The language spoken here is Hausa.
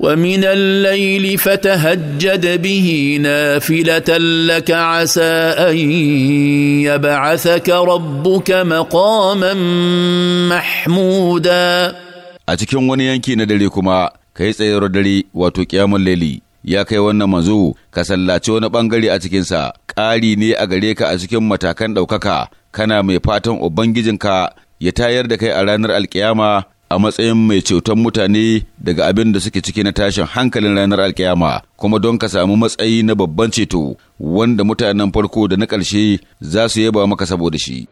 ومن الليل فتهجد به نافله لك عسى ان يبعثك ربك مقاما محمودا a cikin wani yanki na dare kuma ka yi tsayar dare wato kyamun laili ya kai wannan manzo ka sallaci wani ɓangare a cikinsa ƙari ne a gare ka a cikin matakan ɗaukaka kana mai fatan ubangijinka ya tayar da kai a ranar alkiyama a matsayin mai ceton mutane daga abin da suke ciki na tashin hankalin ranar alkiyama kuma don ka samu matsayi na babban ceto wanda mutanen farko da na ƙarshe za su yaba maka saboda shi.